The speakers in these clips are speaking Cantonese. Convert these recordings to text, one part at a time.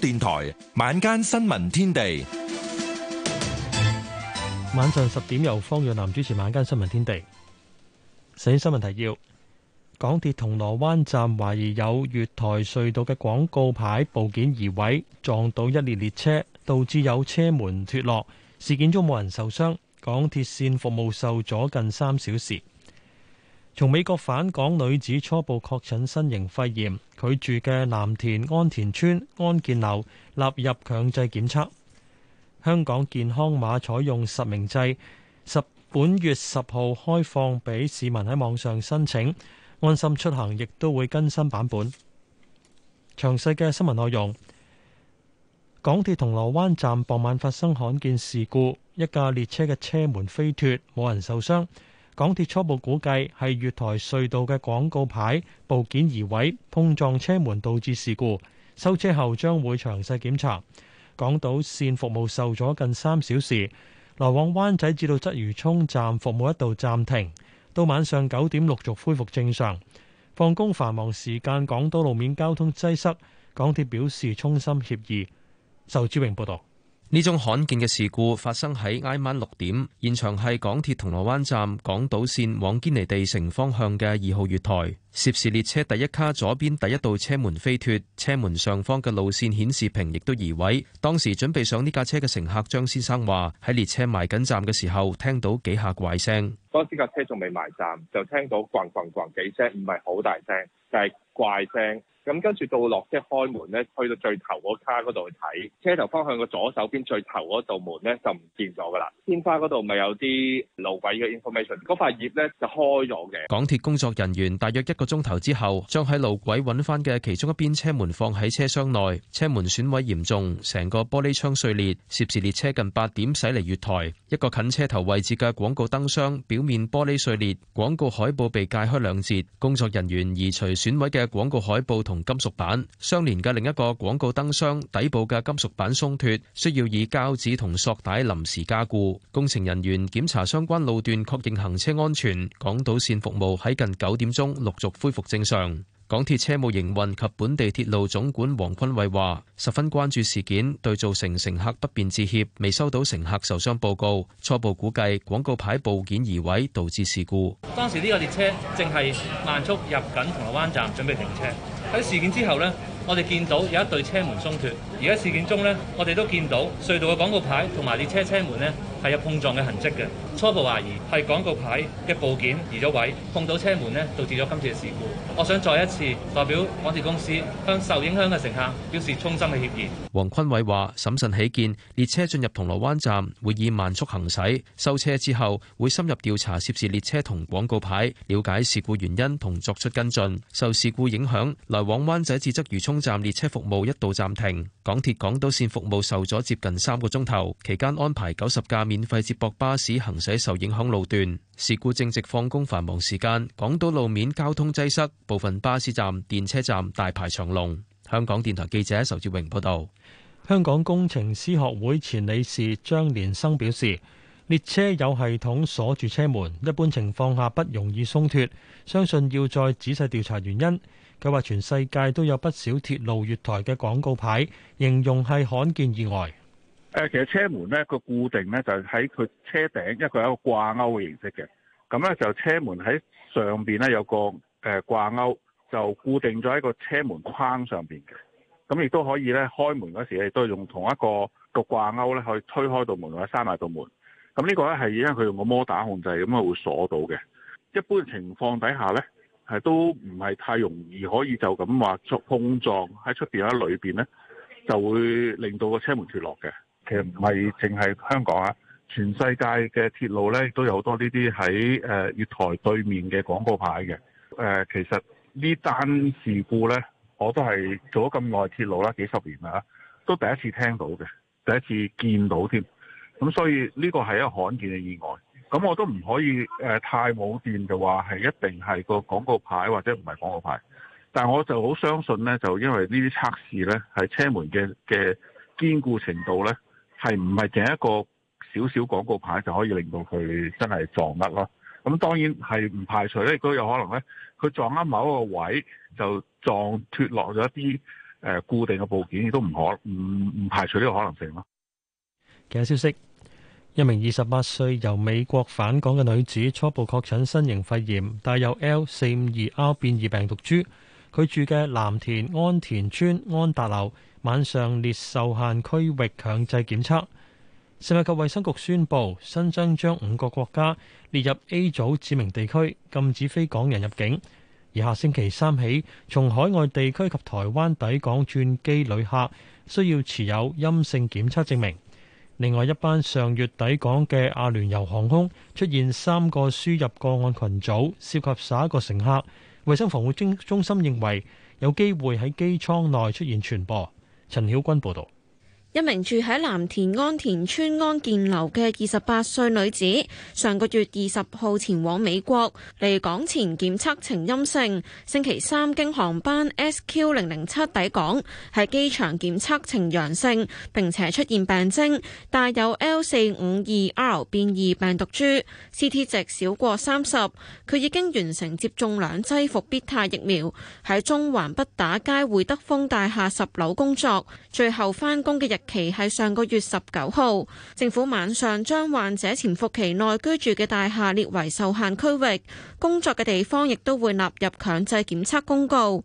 電台晚間新聞天地，晚上十點由方若南主持晚間新聞天地。首先新聞提要：港鐵銅鑼灣站懷疑有月台隧道嘅廣告牌部件移位，撞到一列列車，導致有車門脫落。事件中冇人受傷，港鐵綫服務受阻近三小時。從美國返港女子初步確診新型肺炎，佢住嘅藍田安田村安建樓納入強制檢測。香港健康碼採用實名制，十本月十號開放俾市民喺網上申請，安心出行亦都會更新版本。詳細嘅新聞內容。港鐵銅鑼灣站傍晚發生罕見事故，一架列車嘅車門飛脫，冇人受傷。港鐵初步估計係月台隧道嘅廣告牌部件移位，碰撞車門導致事故。收車後將會詳細檢查。港島線服務受阻近三小時，來往灣仔至到鰂魚涌站服務一度暫停，到晚上九點陸續恢復正常。放工繁忙時間港島路面交通擠塞，港鐵表示衷心歉意。仇志榮報道。呢種罕見嘅事故發生喺挨晚六點，現場係港鐵銅鑼灣站港島線往堅尼地城方向嘅二號月台，涉事列車第一卡左邊第一道車門飛脫，車門上方嘅路線顯示屏亦都移位。當時準備上呢架車嘅乘客張先生話：喺列車埋緊站嘅時候，聽到幾下怪聲。當時架車仲未埋站，就聽到咣咣咣幾聲，唔係好大聲，就係怪聲。咁跟住到落即係開門咧，去到最頭嗰卡嗰度去睇，車頭方向個左手邊最頭嗰道門咧就唔見咗㗎啦。天花嗰度咪有啲路軌嘅 information，嗰塊葉咧就開咗嘅。港鐵工作人員大約一個鐘頭之後，將喺路軌揾翻嘅其中一邊車門放喺車廂內。車門損毀嚴重，成個玻璃窗碎裂，涉事列車近八點駛離月台。一個近車頭位置嘅廣告燈箱表面玻璃碎裂，廣告海報被界開兩截。工作人員移除損毀嘅廣告海報同同金屬板相連嘅另一個廣告燈箱底部嘅金屬板鬆脫，需要以膠紙同索帶臨時加固。工程人員檢查相關路段，確認行車安全。港島線服務喺近九點鐘陸續恢復正常。港鐵車務營運及本地鐵路總管黃坤偉話：十分關注事件，對造成乘客不便致歉，未收到乘客受傷報告。初步估計，廣告牌部件移位導致事故。當時呢個列車正係慢速入緊銅鑼灣站，準備停車。喺事件之後咧，我哋見到有一對車門鬆脱。而家事件中咧，我哋都見到隧道嘅廣告牌同埋列車車門咧。係有碰撞嘅痕跡嘅，初步懷疑係廣告牌嘅部件移咗位，碰到車門咧，導致咗今次嘅事故。我想再一次代表港鐵公司向受影響嘅乘客表示衷心嘅歉意。黃坤偉話，審慎起見，列車進入銅鑼灣站會以慢速行駛，收車之後會深入調查涉事列車同廣告牌，了解事故原因同作出跟進。受事故影響，來往灣仔至鰂魚涌站列車服務一度暫停，港鐵港島線服務受阻接近三個鐘頭，期間安排九十架面。免費接駁巴士行駛受影響路段，事故正值放工繁忙時間，港島路面交通擠塞，部分巴士站、電車站大排長龍。香港電台記者仇志榮報道。香港工程師學會前理事張連生表示，列車有系統鎖住車門，一般情況下不容易鬆脫，相信要再仔細調查原因。佢話全世界都有不少鐵路月台嘅廣告牌，形容係罕見意外。誒，其實車門咧，個固定咧就係喺佢車頂，因為佢係一個掛鈎嘅形式嘅。咁咧就車門喺上邊咧有個誒掛鈎，就固定咗喺個車門框上邊嘅。咁亦都可以咧開門嗰時，亦都係用同一個個掛鈎咧去推開道門或者閂埋道門。咁呢個咧係因為佢用個摩打控制，咁佢會鎖到嘅。一般情況底下咧，係都唔係太容易可以就咁話撞碰撞喺出邊喺裏邊咧，就會令到個車門脫落嘅。其實唔係淨係香港啊，全世界嘅鐵路呢都有好多呢啲喺誒月台對面嘅廣告牌嘅。誒、呃，其實呢單事故呢，我都係做咗咁耐鐵路啦，幾十年啦，都第一次聽到嘅，第一次見到添。咁所以呢個係一個罕見嘅意外。咁我都唔可以誒太冇癥就話係一定係個廣告牌或者唔係廣告牌。但係我就好相信呢，就因為呢啲測試呢係車門嘅嘅堅固程度呢。係唔係淨一個少少廣告牌就可以令到佢真係撞甩咯？咁當然係唔排除咧，亦都有可能咧，佢撞啱某一個位就撞脫落咗一啲誒固定嘅部件，亦都唔可唔唔排除呢個可能性咯。其他消息，一名二十八歲由美國返港嘅女子初步確診新型肺炎，帶有 L 四五二 R 變異病毒株，佢住嘅藍田安田村安達樓。晚上列受限區域強制檢測。食物及衛生局宣布，新增將五個國家列入 A 組指明地區，禁止非港人入境。而下星期三起，從海外地區及台灣抵港轉機旅客需要持有陰性檢測證明。另外一班上月抵港嘅阿聯酋航空出現三個輸入個案群組，涉及十一個乘客。衛生防護中中心認為有機會喺機艙內出現傳播。陳曉君報道。一名住喺藍田安田邨安建樓嘅二十八歲女子，上個月二十號前往美國離港前檢測呈陰性，星期三經航班 SQ 零零七抵港，喺機場檢測呈陽性，並且出現病徵，帶有 L 四五二 R 變異病毒株，C T 值少過三十，佢已經完成接種兩劑復必泰疫苗，喺中環畢打街會德豐大廈十樓工作，最後返工嘅日期係上個月十九號，政府晚上將患者潛伏期內居住嘅大廈列為受限區域，工作嘅地方亦都會納入強制檢測公告。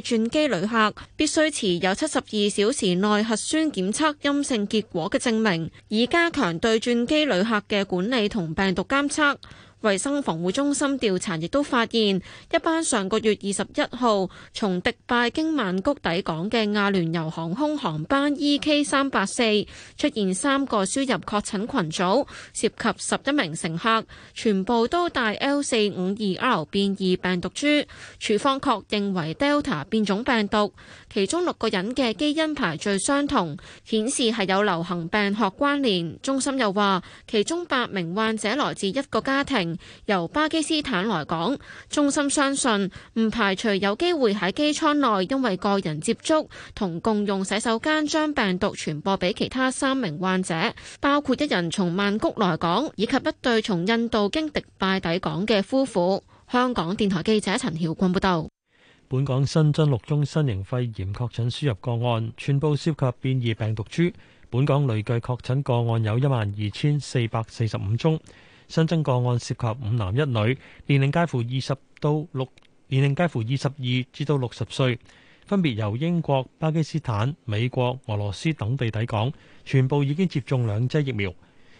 轉機旅客必須持有七十二小時內核酸檢測陰性結果嘅證明，以加強對轉機旅客嘅管理同病毒監測。衛生防護中心調查亦都發現，一班上個月二十一號從迪拜經曼谷抵港嘅亞聯酋航空航班 EK 三八四出現三個輸入確診群組，涉及十一名乘客，全部都帶 L 四五二 R 變異病毒株，處方確認為 Delta 變種病毒，其中六個人嘅基因排序相同，顯示係有流行病學關聯。中心又話，其中八名患者來自一個家庭。由巴基斯坦來港，中心相信唔排除有機會喺機艙內，因為個人接觸同共用洗手間將病毒傳播俾其他三名患者，包括一人從曼谷來港，以及一對從印度經迪拜抵港嘅夫婦。香港電台記者陳曉君報道。本港新增六宗新型肺炎確診輸入個案，全部涉及變異病毒株。本港累計確診個案有一萬二千四百四十五宗。新增個案涉及五男一女，年齡介乎二十到六，年齡介乎二十二至到六十歲，分別由英國、巴基斯坦、美國、俄羅斯等地抵港，全部已經接種兩劑疫苗。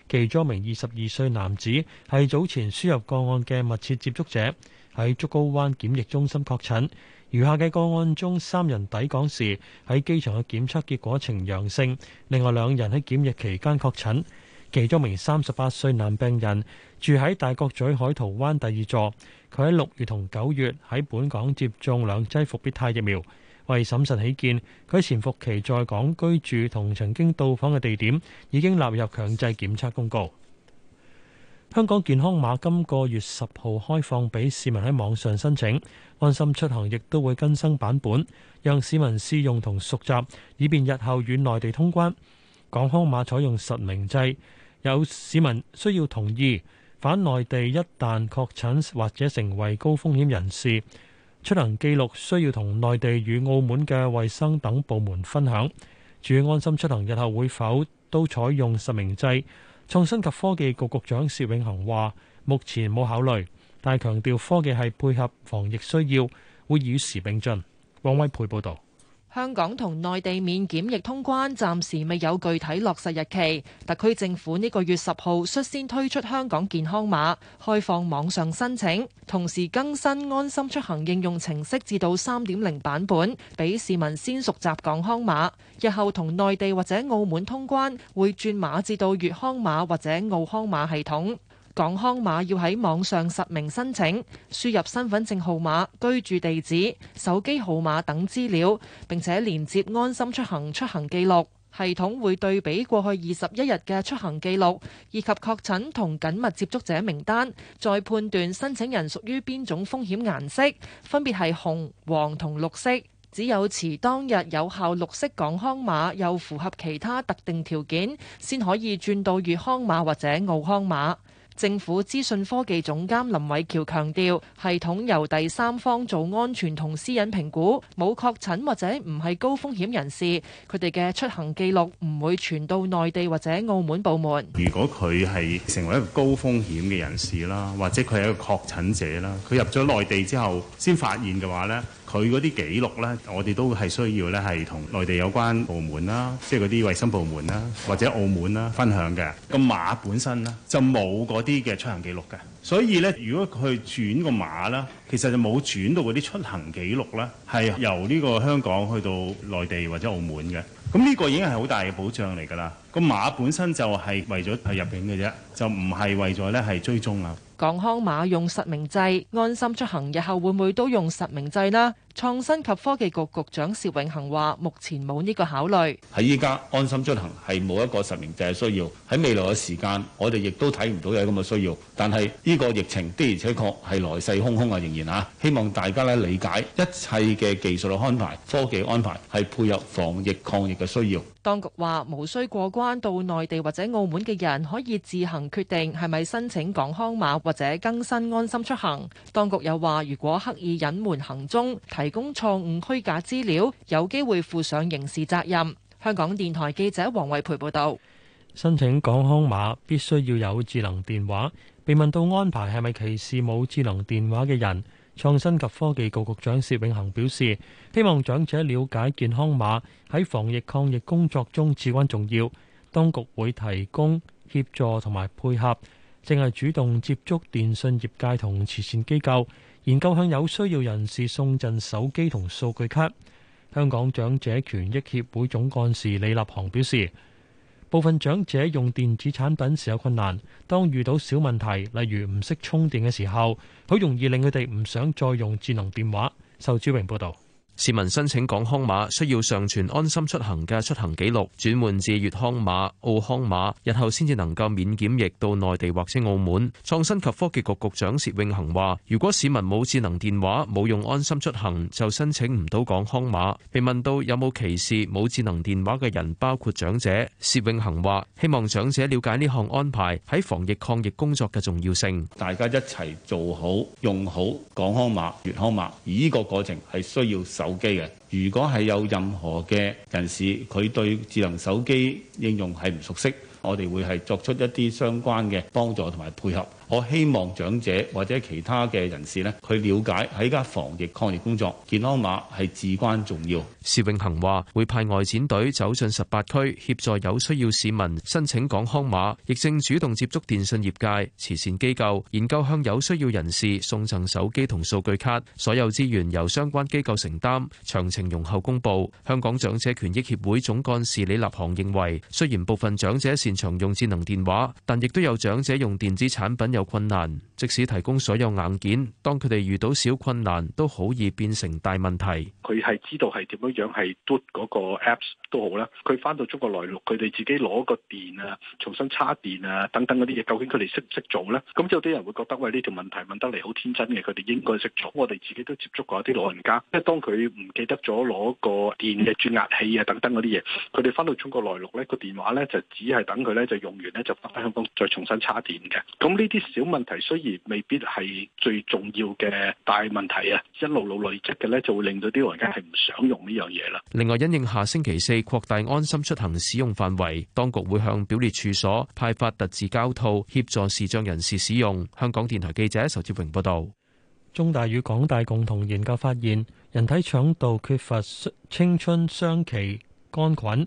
其中一名二十二歲男子係早前輸入個案嘅密切接觸者，喺竹篙灣檢疫中心確診，餘下嘅個案中，三人抵港時，喺機場嘅檢測結果呈陽性，另外兩人喺檢疫期間確診。其中一名三十八歲男病人住喺大角咀海淘灣第二座，佢喺六月同九月喺本港接種兩劑伏必泰疫苗。為審慎起見，佢潛伏期在港居住同曾經到訪嘅地點已經納入強制檢測公告。香港健康碼今個月十號開放俾市民喺網上申請，安心出行亦都會更新版本，讓市民試用同熟習，以便日後與內地通關。港康碼採用實名制，有市民需要同意返內地一旦確診或者成為高風險人士，出行記錄需要同內地與澳門嘅衛生等部門分享。至於安心出行日後會否都採用實名制？創新及科技局局長薛永恒話：目前冇考慮，但係強調科技係配合防疫需要，會與時並進。王威佩報導。香港同內地免檢疫通關暫時未有具體落實日期。特區政府呢個月十號率先推出香港健康碼，開放網上申請，同時更新安心出行應用程式至到三點零版本，俾市民先熟習港康碼。日後同內地或者澳門通關，會轉碼至到粵康碼或者澳康碼系統。港康碼要喺網上實名申請，輸入身份證號碼、居住地址、手機號碼等資料，並且連接安心出行出行記錄。系統會對比過去二十一日嘅出行記錄以及確診同緊密接觸者名單，再判斷申請人屬於邊種風險顏色，分別係紅、黃同綠色。只有持當日有效綠色港康碼，又符合其他特定條件，先可以轉到粵康碼或者澳康碼。政府資訊科技總監林偉喬強調，系統由第三方做安全同私隱評估，冇確診或者唔係高風險人士，佢哋嘅出行記錄唔會傳到內地或者澳門部門。如果佢係成為一個高風險嘅人士啦，或者佢係一個確診者啦，佢入咗內地之後先發現嘅話呢。佢嗰啲記錄咧，我哋都係需要咧，係同內地有關部門啦，即係嗰啲衛生部門啦，或者澳門啦分享嘅。個碼本身啦，就冇嗰啲嘅出行記錄嘅。所以咧，如果佢轉個碼啦，其實就冇轉到嗰啲出行記錄啦，係由呢個香港去到內地或者澳門嘅。咁呢個已經係好大嘅保障嚟㗎啦。個碼本身就係為咗係入境嘅啫，就唔係為咗咧係追蹤啊。港康碼用實名制安心出行，日後會唔會都用實名制啦？創新及科技局局長薛永恆話：目前冇呢個考慮。喺依家安心出行係冇一個實名制嘅需要，喺未來嘅時間我哋亦都睇唔到有咁嘅需要。但係呢個疫情的而且確係來勢洶洶啊，仍然啊，希望大家咧理解一切嘅技術嘅安排、科技安排係配合防疫抗疫嘅需要。當局話，無需過關到內地或者澳門嘅人可以自行決定係咪申請港康碼或者更新安心出行。當局又話，如果刻意隱瞞行蹤、提供錯誤虛假資料，有機會負上刑事責任。香港電台記者黃惠培報道。申請港康碼必須要有智能電話。被問到安排係咪歧視冇智能電話嘅人？創新及科技局局長薛永恒表示，希望長者瞭解健康碼喺防疫抗疫工作中至關重要。當局會提供協助同埋配合，正係主動接觸電訊業界同慈善機構，研究向有需要人士送贈手機同數據卡。香港長者權益協會總幹事李立航表示。部分長者用電子產品時有困難，當遇到小問題，例如唔識充電嘅時候，好容易令佢哋唔想再用智能電話。仇志榮報導。市民申請港康碼需要上傳安心出行嘅出行記錄，轉換至粵康碼、澳康碼，日後先至能夠免檢疫到內地或者澳門。創新及科技局局長薛永恒話，如果市民冇智能電話冇用安心出行，就申請唔到港康碼。被問到有冇歧視冇智能電話嘅人，包括長者，薛永恒話，希望長者了解呢項安排喺防疫抗疫工作嘅重要性，大家一齊做好用好港康碼、粵康碼，而呢個過程係需要手機嘅，如果係有任何嘅人士，佢對智能手機應用係唔熟悉，我哋會係作出一啲相關嘅幫助同埋配合。我希望長者或者其他嘅人士呢，佢了解喺家防疫抗疫工作，健康碼係至關重要。薛永恆話：會派外展隊走進十八區，協助有需要市民申請港康碼，亦正主動接觸電信業界、慈善機構，研究向有需要人士送贈手機同數據卡。所有資源由相關機構承擔，詳情容後公佈。香港長者權益協會總幹事李立行認為，雖然部分長者擅長用智能電話，但亦都有長者用電子產品。有困難，即使提供所有硬件，當佢哋遇到小困難，都好易變成大問題。佢係知道係點樣樣，係 do 嗰個 apps 都好啦。佢翻到中國內陸，佢哋自己攞個電啊，重新插電啊，等等嗰啲嘢，究竟佢哋識唔識做呢？咁即係有啲人會覺得喂呢條問題問得嚟好天真嘅，佢哋應該識做。我哋自己都接觸過一啲老人家，即係當佢唔記得咗攞個電嘅轉壓器啊，等等嗰啲嘢，佢哋翻到中國內陸呢個電話呢，就只係等佢呢，就用完呢，就翻香港再重新插電嘅。咁呢啲。小問題雖然未必係最重要嘅大問題啊，一路路累積嘅呢，就會令到啲老人家係唔想用呢樣嘢啦。另外，因應下星期四擴大安心出行使用範圍，當局會向表列處所派發特製膠套，協助視障人士使用。香港電台記者仇志榮報道。中大與港大共同研究發現，人體腸道缺乏青春雙歧桿菌。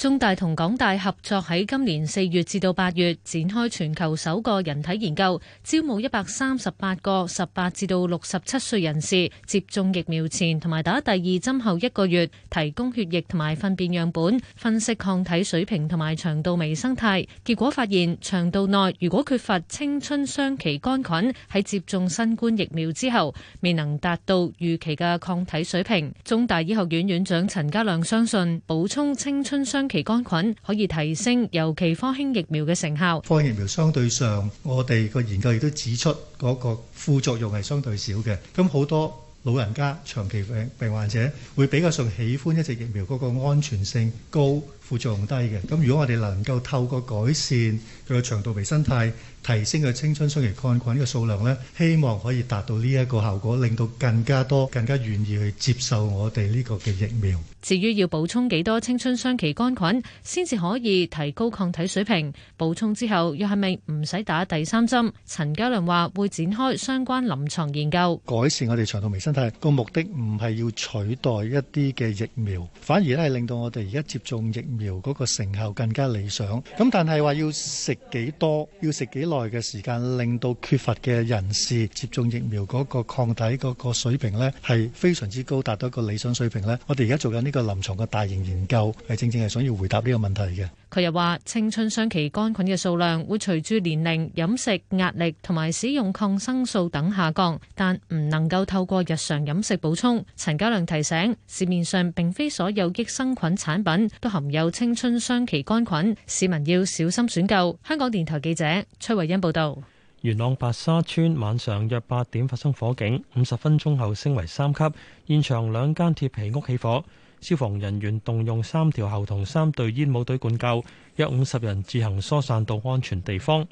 中大同港大合作喺今年四月至到八月展開全球首個人體研究，招募一百三十八個十八至到六十七歲人士接種疫苗前同埋打第二針後一個月提供血液同埋糞便樣本分析抗體水平同埋腸道微生態。結果發現腸道內如果缺乏青春雙歧桿菌，喺接種新冠疫苗之後未能達到預期嘅抗體水平。中大醫學院院長陳家亮相信補充青春雙，其桿菌可以提升尤其科興疫苗嘅成效。科興疫苗相對上，我哋個研究亦都指出嗰個副作用係相對少嘅。咁好多老人家長期病患者會比較上喜歡一隻疫苗嗰個安全性高。副作用低嘅，咁如果我哋能夠透過改善佢嘅腸道微生態，提升佢青春雙歧桿菌嘅數量咧，希望可以達到呢一個效果，令到更加多、更加願意去接受我哋呢個嘅疫苗。至於要補充幾多青春雙歧桿菌先至可以提高抗體水平？補充之後要係咪唔使打第三針？陳家亮話會展開相關臨床研究。改善我哋腸道微生態個目的唔係要取代一啲嘅疫苗，反而咧，令到我哋而家接種疫疫苗嗰個成效更加理想，咁但係話要食幾多，要食幾耐嘅時間令到缺乏嘅人士接種疫苗嗰個抗體嗰個水平咧，係非常之高，達到一個理想水平咧。我哋而家做緊呢個臨牀嘅大型研究，係正正係想要回答呢個問題嘅。佢又話：青春雙歧桿菌嘅數量會隨住年齡、飲食、壓力同埋使用抗生素等下降，但唔能夠透過日常飲食補充。陳家亮提醒：市面上並非所有益生菌產品都含有青春雙歧桿菌，市民要小心選購。香港電台記者崔慧欣報道。元朗白沙村晚上約八點發生火警，五十分鐘後升為三級，現場兩間鐵皮屋起火。消防人員動用三條喉同三隊煙帽隊灌救，約五十人自行疏散到安全地方。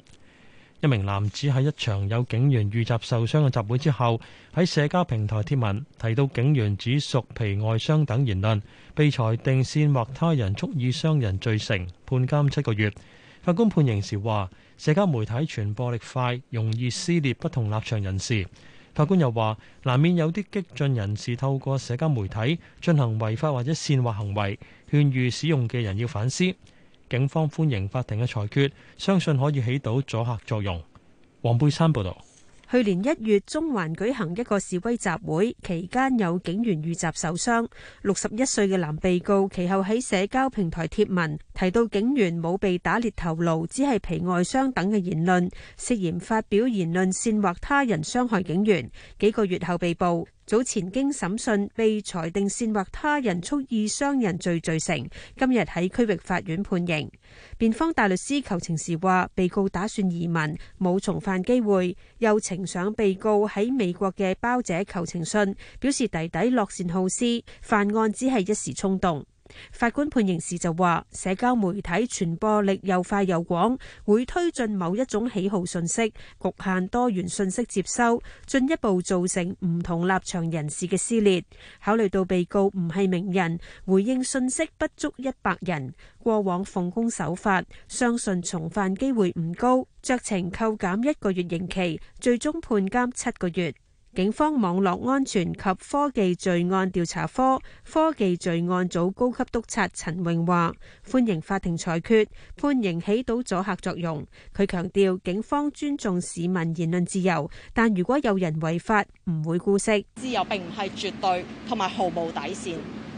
一名男子喺一場有警員遇襲受傷嘅集會之後，喺社交平台貼文提到警員指屬皮外傷等言論，被裁定煽惑他人蓄意傷人罪成，判監七個月。法官判刑時話：社交媒體傳播力快，容易撕裂不同立場人士。法官又話：難免有啲激進人士透過社交媒體進行違法或者煽惑行為，勸喻使用嘅人要反思。警方歡迎法庭嘅裁決，相信可以起到阻嚇作用。黃佩珊報道。去年一月中環舉行一個示威集會，期間有警員遇襲受傷。六十一歲嘅男被告，其後喺社交平台貼文，提到警員冇被打裂頭顱，只係皮外傷等嘅言論，涉嫌發表言論煽惑他人傷害警員，幾個月後被捕。早前經審訊被裁定煽惑他人蓄意傷人罪罪成，今日喺區域法院判刑。辯方大律師求情時話，被告打算移民，冇重犯機會，又呈上被告喺美國嘅胞姐求情信，表示弟弟樂善好施，犯案只係一時衝動。法官判刑時就話，社交媒體傳播力又快又廣，會推進某一種喜好信息，局限多元信息接收，進一步造成唔同立場人士嘅撕裂。考慮到被告唔係名人，回應信息不足一百人，過往奉公守法，相信重犯機會唔高，酌情扣減一個月刑期，最終判監七個月。警方網絡安全及科技罪案調查科科技罪案組高級督察陳穎華歡迎法庭裁決判刑，起到阻嚇作用。佢強調警方尊重市民言論自由，但如果有人違法，唔會姑息。自由並唔係絕對同埋毫無底線。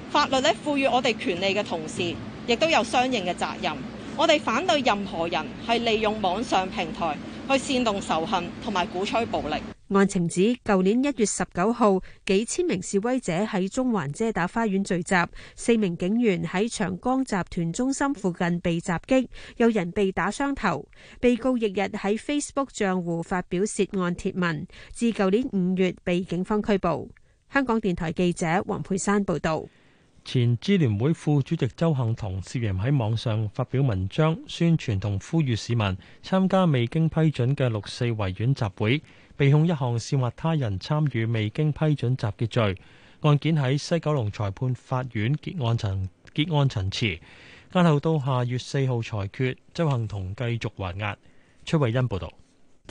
法律咧賦予我哋權利嘅同時，亦都有相應嘅責任。我哋反對任何人係利用網上平台。去煽動仇恨同埋鼓吹暴力。案情指，舊年一月十九號，幾千名示威者喺中環遮打花園聚集，四名警員喺長江集團中心附近被襲擊，有人被打傷頭。被告翌日喺 Facebook 賬戶發表涉案帖文，至舊年五月被警方拘捕。香港電台記者黃佩珊報道。前支聯會副主席鄒幸彤涉嫌喺網上發表文章，宣傳同呼籲市民參加未經批准嘅六四維園集會，被控一項煽惑他人參與未經批准集結罪。案件喺西九龍裁判法院結案層結案陳詞，押後到下月四號裁決。鄒幸彤繼續還押。崔慧欣報道。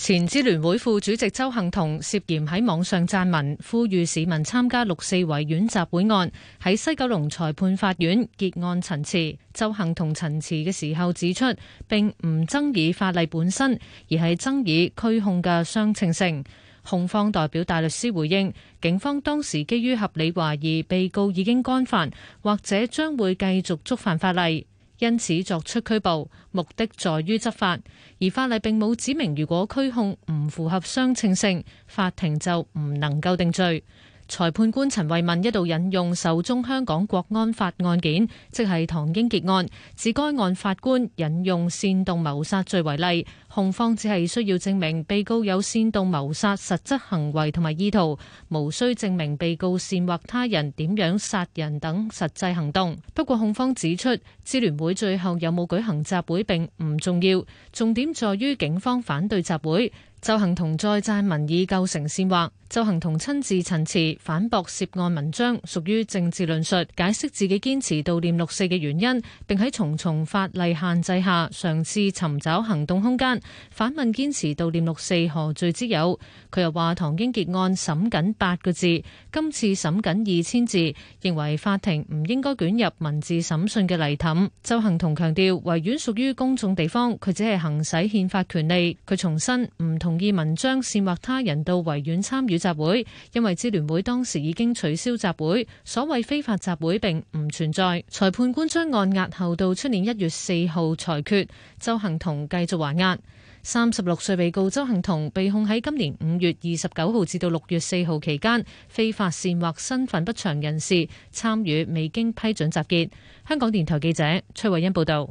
前支聯會副主席周幸彤涉嫌喺網上撰文，呼籲市民參加六四維園集會案，喺西九龍裁判法院結案陳詞。周幸彤陳詞嘅時候指出，並唔爭議法例本身，而係爭議拘控嘅相稱性。控方代表大律師回應，警方當時基於合理懷疑，被告已經干犯或者將會繼續觸犯法例。因此作出拘捕，目的在於執法。而法例並冇指明，如果拘控唔符合相稱性，法庭就唔能夠定罪。裁判官陳慧敏一度引用首宗香港國安法案件，即係唐英傑案，指該案法官引用煽動謀殺罪為例，控方只係需要證明被告有煽動謀殺實質行為同埋意圖，無需證明被告煽惑他人點樣殺人等實際行動。不過控方指出，支聯會最後有冇舉行集會並唔重要，重點在於警方反對集會，就行同在債民意構成煽惑。鄒幸彤親自陳詞反駁涉案文章屬於政治論述，解釋自己堅持悼念六四嘅原因，並喺重重法例限制下嘗試尋找行動空間，反問堅持悼念六四何罪之有？佢又話：唐英傑案審緊八個字，今次審緊二千字，認為法庭唔應該捲入文字審訊嘅泥濘。鄒幸彤強調，維園屬於公眾地方，佢只係行使憲法權利。佢重申唔同意文章煽惑他人到維園參與，集會，因為支聯會當時已經取消集會，所謂非法集會並唔存在。裁判官將案押後到出年一月四號裁決。鄒幸彤繼續還押。三十六歲被告鄒幸彤被控喺今年五月二十九號至到六月四號期間非法煽惑身份不詳人士參與未經批准集結。香港電台記者崔慧欣報道。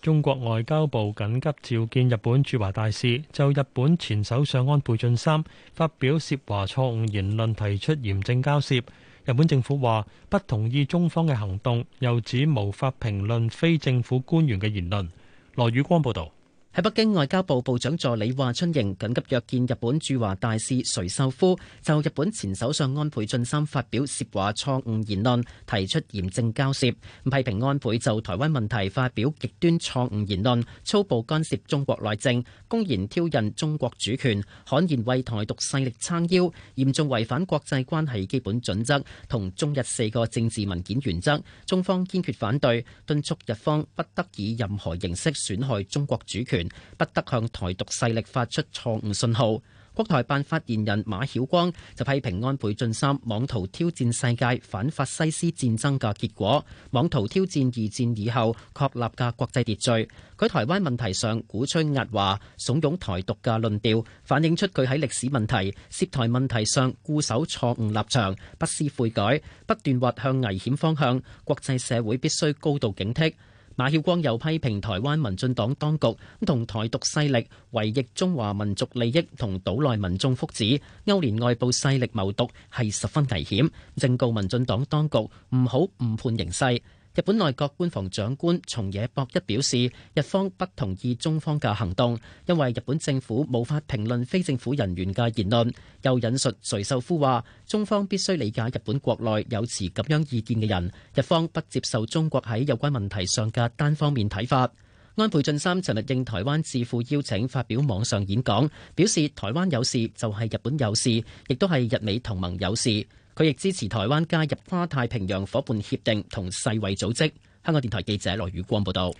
中國外交部緊急召見日本駐華大使，就日本前首相安倍晉三發表涉華錯誤言論提出嚴正交涉。日本政府話不同意中方嘅行動，又指無法評論非政府官員嘅言論。羅宇光報道。喺北京，外交部部長助理華春瑩緊急約見日本駐華大使垂秀夫，就日本前首相安倍晉三發表涉華錯誤言論，提出嚴正交涉，批評安倍就台灣問題發表極端錯誤言論，粗暴干涉中國內政，公然挑釁中國主權，悍然為台獨勢力撐腰，嚴重違反國際關係基本準則同中日四個政治文件原則，中方堅決反對敦促日方不得以任何形式損害中國主權。不得向台獨勢力發出錯誤信號。國台辦發言人馬曉光就批評安倍晉三妄圖挑戰世界反法西斯戰爭嘅結果，妄圖挑戰二戰以後確立嘅國際秩序。佢台灣問題上鼓吹壓華、慫恿台獨嘅論調，反映出佢喺歷史問題、涉台問題上固守錯誤立場，不思悔改，不斷滑向危險方向。國際社會必須高度警惕。馬曉光又批評台灣民進黨當局同台獨勢力違逆中華民族利益同島內民眾福祉，勾連外部勢力謀獨，係十分危險，正告民進黨當局唔好誤判形勢。日本內閣官房長官松野博一表示，日方不同意中方嘅行動，因為日本政府無法評論非政府人員嘅言論，又引述垂秀夫話中方必須理解日本國內有持咁樣意見嘅人，日方不接受中國喺有關問題上嘅單方面睇法。安倍晉三昨日應台灣智庫邀請發表網上演講，表示台灣有事就係、是、日本有事，亦都係日美同盟有事。佢亦支持台灣加入跨太平洋夥伴協定同世衛組織。香港電台記者羅宇光報道。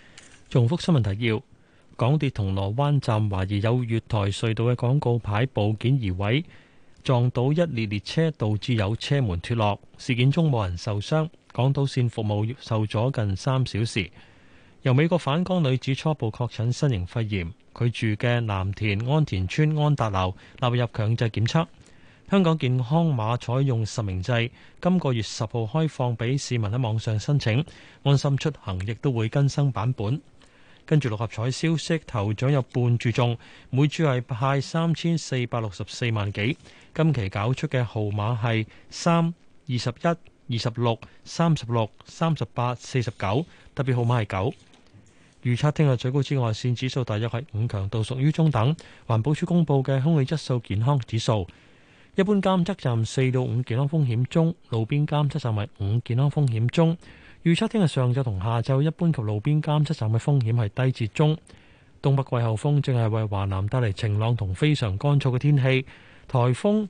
重複新聞提要：港鐵銅鑼灣站懷疑有月台隧道嘅廣告牌部件移位，撞到一列列車，導致有車門脫落。事件中冇人受傷。港島線服務受阻近三小時。由美國返港女子初步確診新型肺炎，佢住嘅藍田安田村安達樓納入強制檢測。香港健康碼採用實名制，今個月十號開放俾市民喺網上申請，安心出行，亦都會更新版本。跟住六合彩消息，頭獎有半注中，每注係派三千四百六十四萬幾。今期搞出嘅號碼係三、二十一、二十六、三十六、三十八、四十九，特別號碼係九。預測聽日最高紫外線指數大約係五強度，屬於中等。環保署公布嘅空氣質素健康指數。一般監測站四到五健康風險中，路邊監測站為五健康風險中。預測聽日上晝同下晝一般及路邊監測站嘅風險係低至中。東北季候風正係為華南帶嚟晴朗同非常乾燥嘅天氣。颱風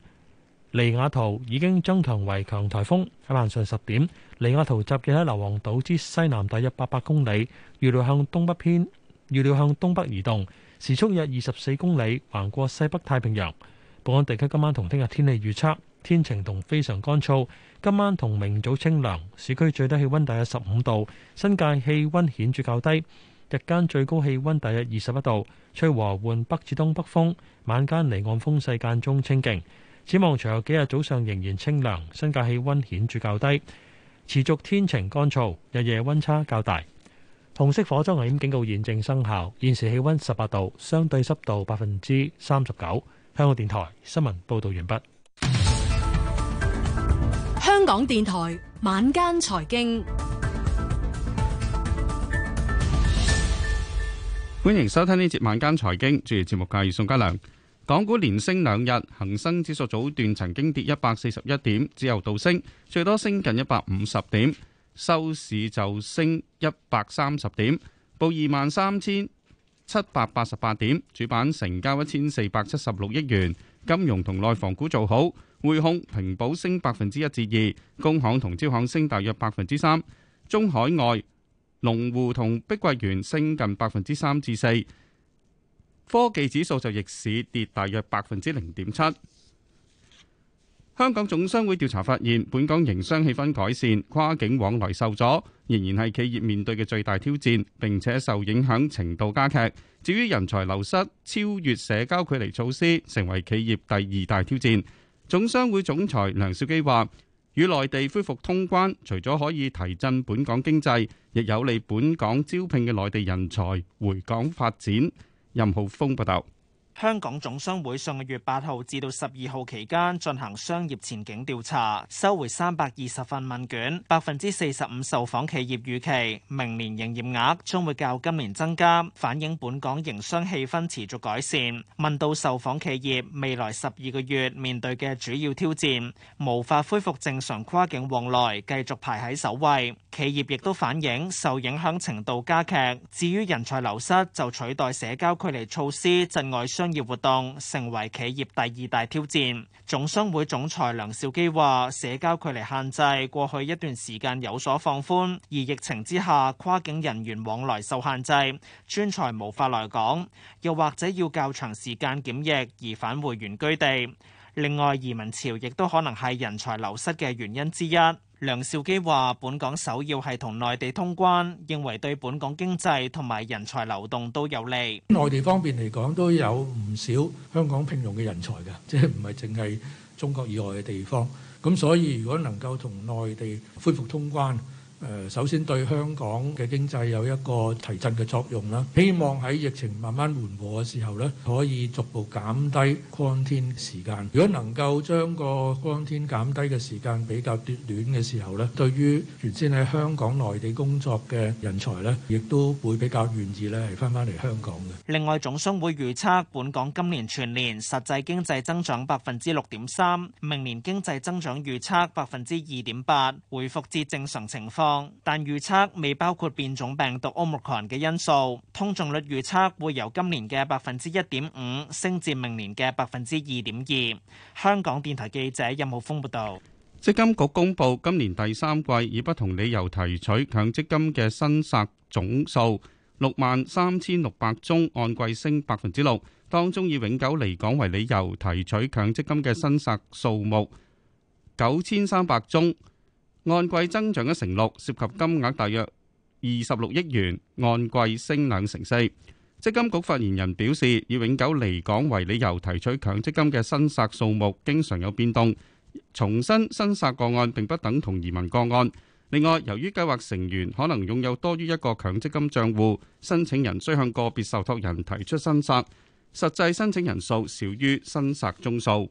尼亞圖已經增強為強颱風。喺晚上十點，尼亞圖集結喺硫磺島之西南大約八百公里，預料向東北偏，預料向東北移動，時速約二十四公里，橫過西北太平洋。本港地區今晚同聽日天氣預測，天晴同非常乾燥。今晚同明早清涼，市區最低氣温大約十五度，新界氣温顯著較低。日間最高氣温大約二十一度，吹和緩北至東北風。晚間離岸風勢間中清勁。展望隨後幾日早上仍然清涼，新界氣温顯著較低，持續天晴乾燥，日夜温差較大。紅色火災危險警告現正生效，現時氣温十八度，相對濕度百分之三十九。香港電台新聞報道完畢。香港電台晚間財經， 歡迎收聽呢節晚間財經。主持節目嘅係宋家良。港股連升兩日，恒生指數早段曾經跌一百四十一點，之後倒升，最多升近一百五十點，收市就升一百三十點，報二萬三千。七百八十八點，主板成交一千四百七十六億元，金融同內房股做好，匯控平保升百分之一至二，工行同招行升大約百分之三，中海外、龍湖同碧桂園升近百分之三至四，科技指數就逆市跌大約百分之零點七。香港總商會調查發現，本港營商氣氛改善，跨境往來受阻仍然係企業面對嘅最大挑戰，並且受影響程度加劇。至於人才流失，超越社交距離措施，成為企業第二大挑戰。總商會總裁梁兆基話，與內地恢復通關，除咗可以提振本港經濟，亦有利本港招聘嘅內地人才回港發展。任浩峰報道。香港總商會上個月八號至到十二號期間進行商業前景調查，收回三百二十份問卷，百分之四十五受訪企業預期明年營業額將會較今年增加，反映本港營商氣氛持續改善。問到受訪企業未來十二個月面對嘅主要挑戰，無法恢復正常跨境往來，繼續排喺首位。企業亦都反映受影響程度加劇。至於人才流失，就取代社交距離措施、境外商業活動，成為企業第二大挑戰。總商會總裁梁兆基話，社交距離限制過去一段時間有所放寬，而疫情之下跨境人員往來受限制，專才無法來港，又或者要較長時間檢疫而返回原居地。另外，移民潮亦都可能係人才流失嘅原因之一。梁兆基話：本港首要係同內地通關，認為對本港經濟同埋人才流動都有利。內地方面嚟講，都有唔少香港聘用嘅人才㗎，即係唔係淨係中國以外嘅地方。咁所以如果能夠同內地恢復通關，誒，首先對香港嘅經濟有一個提振嘅作用啦，希望喺疫情慢慢緩和嘅時候咧，可以逐步減低光天時間。如果能夠將個光天減低嘅時間比較短嘅時候咧，對於原先喺香港內地工作嘅人才咧，亦都會比較願意咧係返返嚟香港嘅。另外，總商會預測本港今年全年實際經濟增長百分之六點三，明年經濟增長預測百分之二點八，回復至正常情況。但預測未包括變種病毒 Omicron 嘅因素，通脹率預測會由今年嘅百分之一點五升至明年嘅百分之二點二。香港電台記者任浩峯報導。積金局公布今年第三季以不同理由提取強積金嘅申索總數六萬三千六百宗，按季升百分之六。當中以永久離港為理由提取強積金嘅申索數目九千三百宗。按季增長一成六，涉及金額大約二十六億元，按季升兩成四。積金局發言人表示，以永久離港為理由提取強積金嘅申索數目經常有變動。重申申索個案並不等同移民個案。另外，由於計劃成員可能擁有多於一個強積金帳戶，申請人需向個別受託人提出申索，實際申請人數少於申索宗數。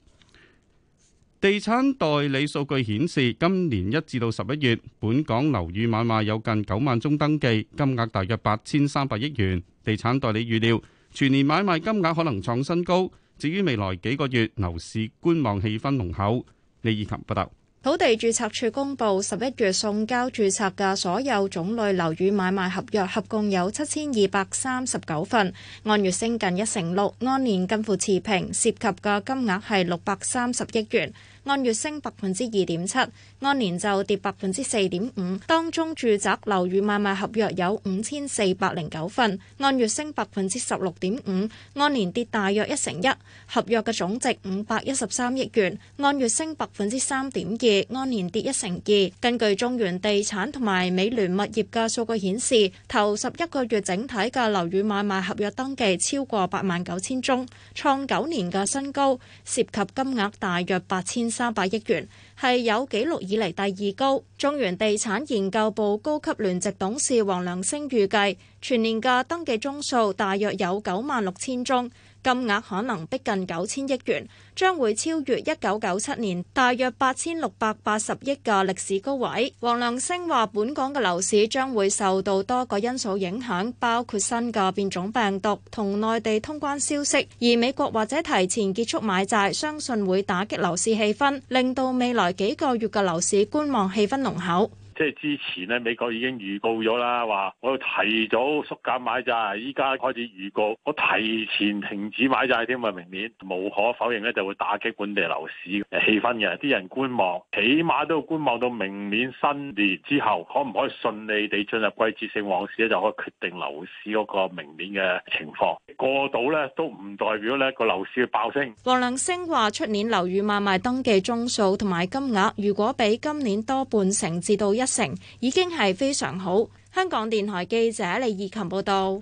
地產代理數據顯示，今年一至到十一月，本港樓宇買賣有近九萬宗登記，金額大約八千三百億元。地產代理預料，全年買賣金額可能創新高。至於未來幾個月，樓市觀望氣氛濃厚，李以琴報道。土地註冊處公布十一月送交註冊嘅所有種類樓宇買賣合約，合共有七千二百三十九份，按月升近一成六，按年近乎持平，涉及嘅金額係六百三十億元。按月升百分之二點七，按年就跌百分之四點五。當中住宅樓宇買賣合約有五千四百零九份，按月升百分之十六點五，按年跌大約一成一。合約嘅總值五百一十三億元，按月升百分之三點二，按年跌一成二。根據中原地產同埋美聯物業嘅數據顯示，頭十一個月整體嘅樓宇買賣合約登記超過八萬九千宗，創九年嘅新高，涉及金額大約八千。三百億元，係有紀錄以嚟第二高。中原地產研究部高級聯席董事黃良昇預計，全年嘅登記宗數大約有九萬六千宗。金額可能逼近九千億元，將會超越一九九七年大約八千六百八十億嘅歷史高位。黃良昇話：本港嘅樓市將會受到多個因素影響，包括新嘅變種病毒同內地通關消息，而美國或者提前結束買債，相信會打擊樓市氣氛，令到未來幾個月嘅樓市觀望氣氛濃厚。即係之前咧，美國已經預告咗啦，話我要提早縮減買債，依家開始預告，我提前停止買債添啊！明年無可否認咧，就會打擊本地樓市嘅氣氛嘅，啲人觀望，起碼都要觀望到明年新年之後，可唔可以順利地進入季節性旺季咧，就可以決定樓市嗰個明年嘅情況。過到咧都唔代表咧個樓市嘅爆升。黃亮聲話：出年樓宇買賣登記宗數同埋金額，如果比今年多半成至到一。成已經係非常好。香港電台記者李怡琴報道，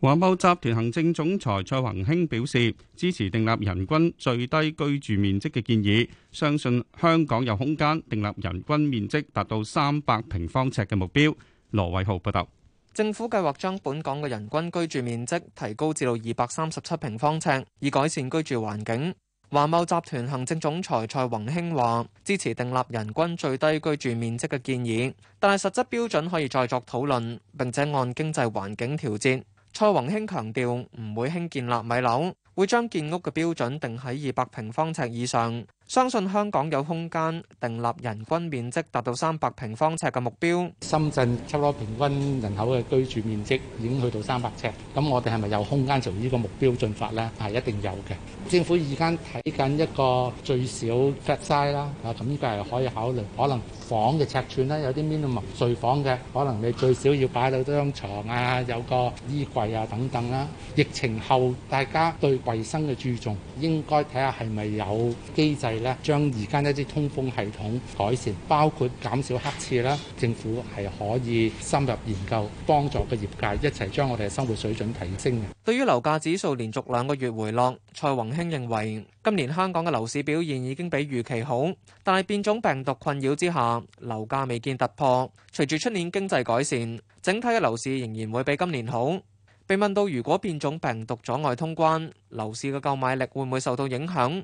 華懋集團行政總裁蔡宏興表示支持訂立人均最低居住面積嘅建議，相信香港有空間訂立人均面積達到三百平方尺嘅目標。羅偉浩報道，政府計劃將本港嘅人均居住面積提高至到二百三十七平方尺，以改善居住環境。華懋集團行政總裁蔡宏興話：支持訂立人均最低居住面積嘅建議，但係實質標準可以再作討論，並且按經濟環境調節。蔡宏興強調唔會興建納米樓。會將建屋嘅標準定喺二百平方尺以上，相信香港有空間訂立人均面積達到三百平方尺嘅目標。深圳差唔多平均人口嘅居住面積已經去到三百尺，咁我哋係咪有空間從呢個目標進發呢？係一定有嘅。政府而家睇緊一個最少 size 啦，啊咁呢個係可以考慮，可能房嘅尺寸呢，有啲咩嘅㗋，睡房嘅可能你最少要擺到張床啊，有個衣櫃啊等等啦、啊。疫情後大家對衞生嘅注重，應該睇下係咪有機制咧，將而家一啲通風系統改善，包括減少黑刺啦。政府係可以深入研究，幫助個業界一齊將我哋嘅生活水準提升嘅。對於樓價指數連續兩個月回落，蔡宏興認為今年香港嘅樓市表現已經比預期好，但係變種病毒困擾之下，樓價未見突破。隨住出年經濟改善，整體嘅樓市仍然會比今年好。被問到如果變種病毒阻礙通關，樓市嘅購買力會唔會受到影響？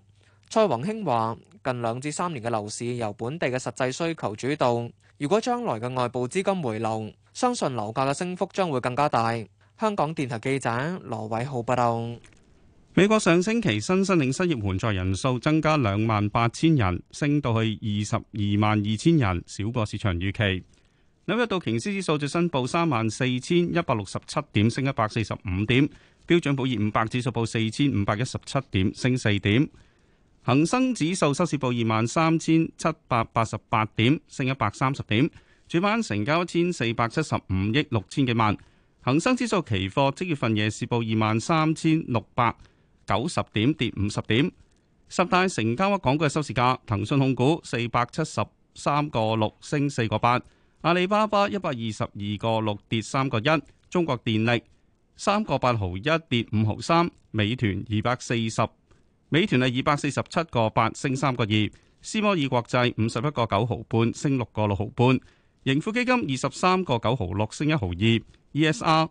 蔡宏興話：近兩至三年嘅樓市由本地嘅實際需求主導，如果將來嘅外部資金回流，相信樓價嘅升幅將會更加大。香港電台記者羅偉浩報道。美國上星期新申領失業援助人數增加兩萬八千人，升到去二十二萬二千人，少過市場預期。紐約道瓊斯指數最新報三萬四千一百六十七點，升一百四十五點。標準普爾五百指數報四千五百一十七點，升四點。恒生指數收市報二萬三千七百八十八點，升一百三十點。主板成交一千四百七十五億六千幾萬。恒生指數期貨即月份夜市報二萬三千六百九十點，跌五十點。十大成交額港股嘅收市價，騰訊控股四百七十三個六，升四個八。阿里巴巴一百二十二個六，跌三個一，中國電力三個八毫一跌五毫三，美團二百四十，美團係二百四十七個八升三個二，斯摩爾國際五十一個九毫半升六個六毫半，盈富基金二十三個九毫六升一毫二，ESR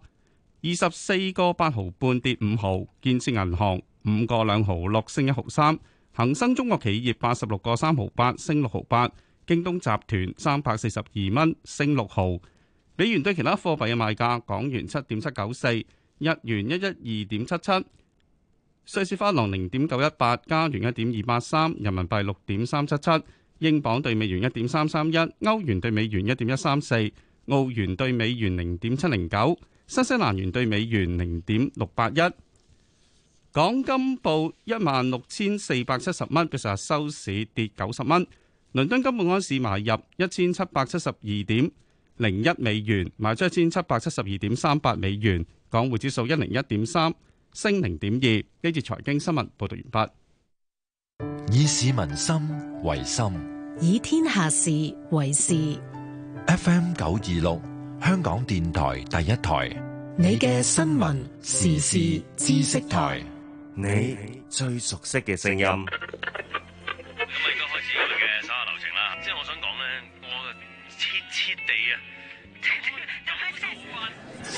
二十四個八毫半跌五毫，建設銀行五個兩毫六升一毫三，恒生中國企業八十六個三毫八升六毫八。京東集團三百四十二蚊升六毫，美元對其他貨幣嘅賣價：港元七點七九四，日元一一二點七七，瑞士法郎零點九一八，加元一點二八三，人民幣六點三七七，英鎊對美元一點三三一，歐元對美元一點一三四，澳元對美元零點七零九，新西蘭元對美元零點六八一。港金報一萬六千四百七十蚊，今日收市跌九十蚊。倫敦金每安士買入一千七百七十二點零一美元，賣出一千七百七十二點三八美元。港匯指數一零一點三，升零點二。呢節財經新聞報道完畢。以市民心為心，以天下事為事。F M 九二六，香港電台第一台，你嘅新聞時事知識台，你最熟悉嘅聲音。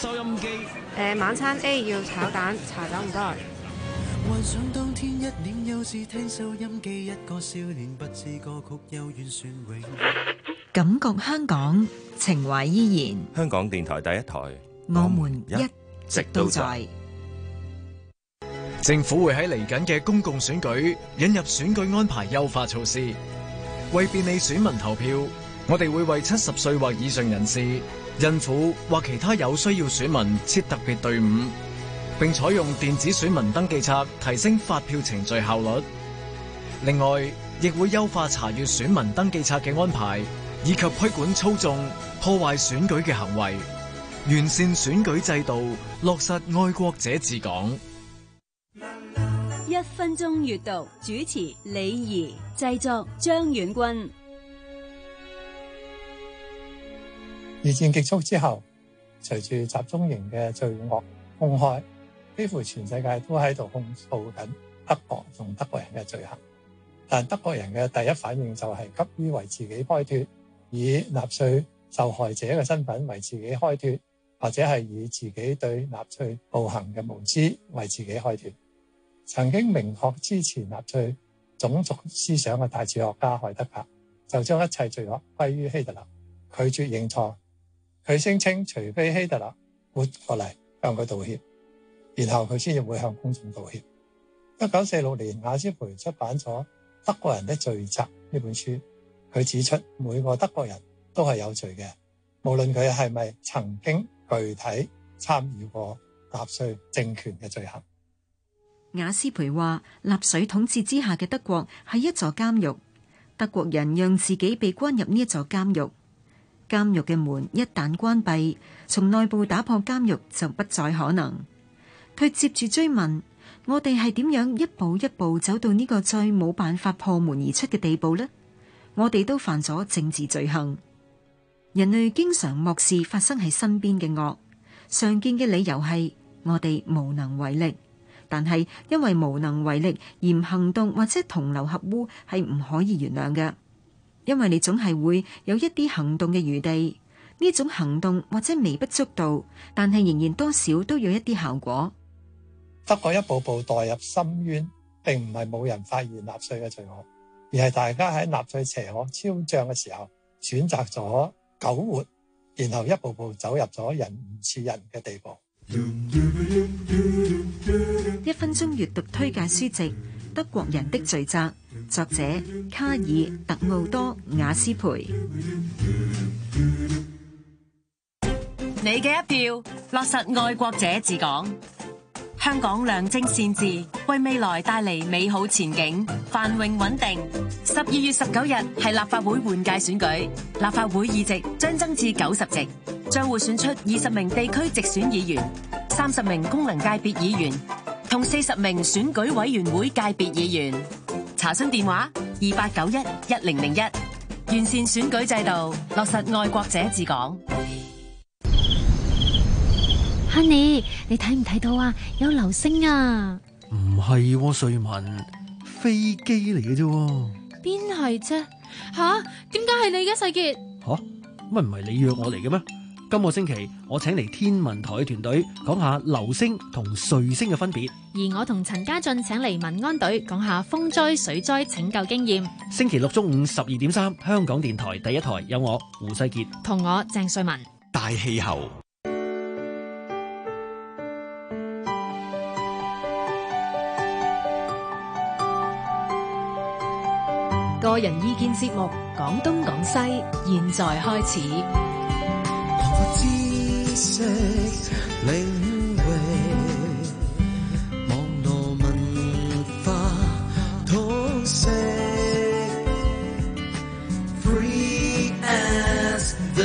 收音機，誒，晚餐 A 要炒蛋，茶走唔該。幻想當天一年幼稚，聽收音機一個少年，不知歌曲幽怨旋永。感覺香港情懷依然。香港電台第一台，我們一直都在。政府會喺嚟緊嘅公共選舉引入選舉安排優化措施，為便利選民投票，我哋會為七十歲或以上人士孕婦或其他有需要選民設特別隊伍，并採用電子選民登記冊，提升發票程序效率。另外，亦會優化查閱選民登記冊嘅安排，以及規管操縱、破壞選舉嘅行為，完善選舉制度，落實愛國者治港。一分鐘閱讀，主持李儀，製作張遠君。二戰結束之後，隨住集中營嘅罪惡公開，幾乎全世界都喺度控訴緊德國同德國人嘅罪行。但德國人嘅第一反應就係急於為自己開脫，以納粹受害者嘅身份為自己開脫，或者係以自己對納粹暴行嘅無知為自己開脫。曾經明確支持納粹種族思想嘅大哲學家海德格，就將一切罪惡歸於希特勒，拒絕認錯。佢聲稱，除非希特勒活過嚟向佢道歉，然後佢先至會向公眾道歉。一九四六年，雅斯培出版咗《德國人的罪責》呢本書，佢指出每個德國人都係有罪嘅，無論佢係咪曾經具體參與過納粹政權嘅罪行。雅斯培話：納粹統治之下嘅德國係一座監獄，德國人讓自己被關入呢一座監獄。監獄嘅門一旦關閉，從內部打破監獄就不再可能。佢接住追問：我哋係點樣一步一步走到呢個最冇辦法破門而出嘅地步呢？我哋都犯咗政治罪行。人類經常漠視發生喺身邊嘅惡，常見嘅理由係我哋無能為力。但係因為無能為力而行動或者同流合污係唔可以原諒嘅。因為你總係會有一啲行動嘅餘地，呢種行動或者微不足道，但係仍然多少都有一啲效果。德國一步步墮入深淵，並唔係冇人發現納粹嘅罪惡，而係大家喺納粹邪惡超脹嘅時候，選擇咗苟活，然後一步步走入咗人唔似人嘅地步。一分鐘閱讀推介書籍。德國人的罪責，作者卡爾特奧多雅斯培。你嘅一票，落實愛國者治港，香港良政善治，為未來帶嚟美好前景，繁榮穩定。十二月十九日係立法會換屆選舉，立法會議席將增至九十席，將會選出二十名地區直選議員，三十名功能界別議員。共四十名選舉委員會界別議員，查詢電話二八九一一零零一，完善選舉制度，落實愛國者治港。Honey，你睇唔睇到啊？有流星啊！唔係，瑞文飛機嚟嘅啫。邊係啫？吓？點解係你嘅世杰？吓？乜唔係你約我嚟嘅咩？今個星期，我請嚟天文台嘅團隊講下流星同彗星嘅分別；而我同陳家俊請嚟民安隊講下風災、水災拯救經驗。星期六中午十二點三，3，香港電台第一台有我胡世杰同我鄭瑞文大氣候個人意見節目，講東講西，現在開始。知識領域，網絡文化通識。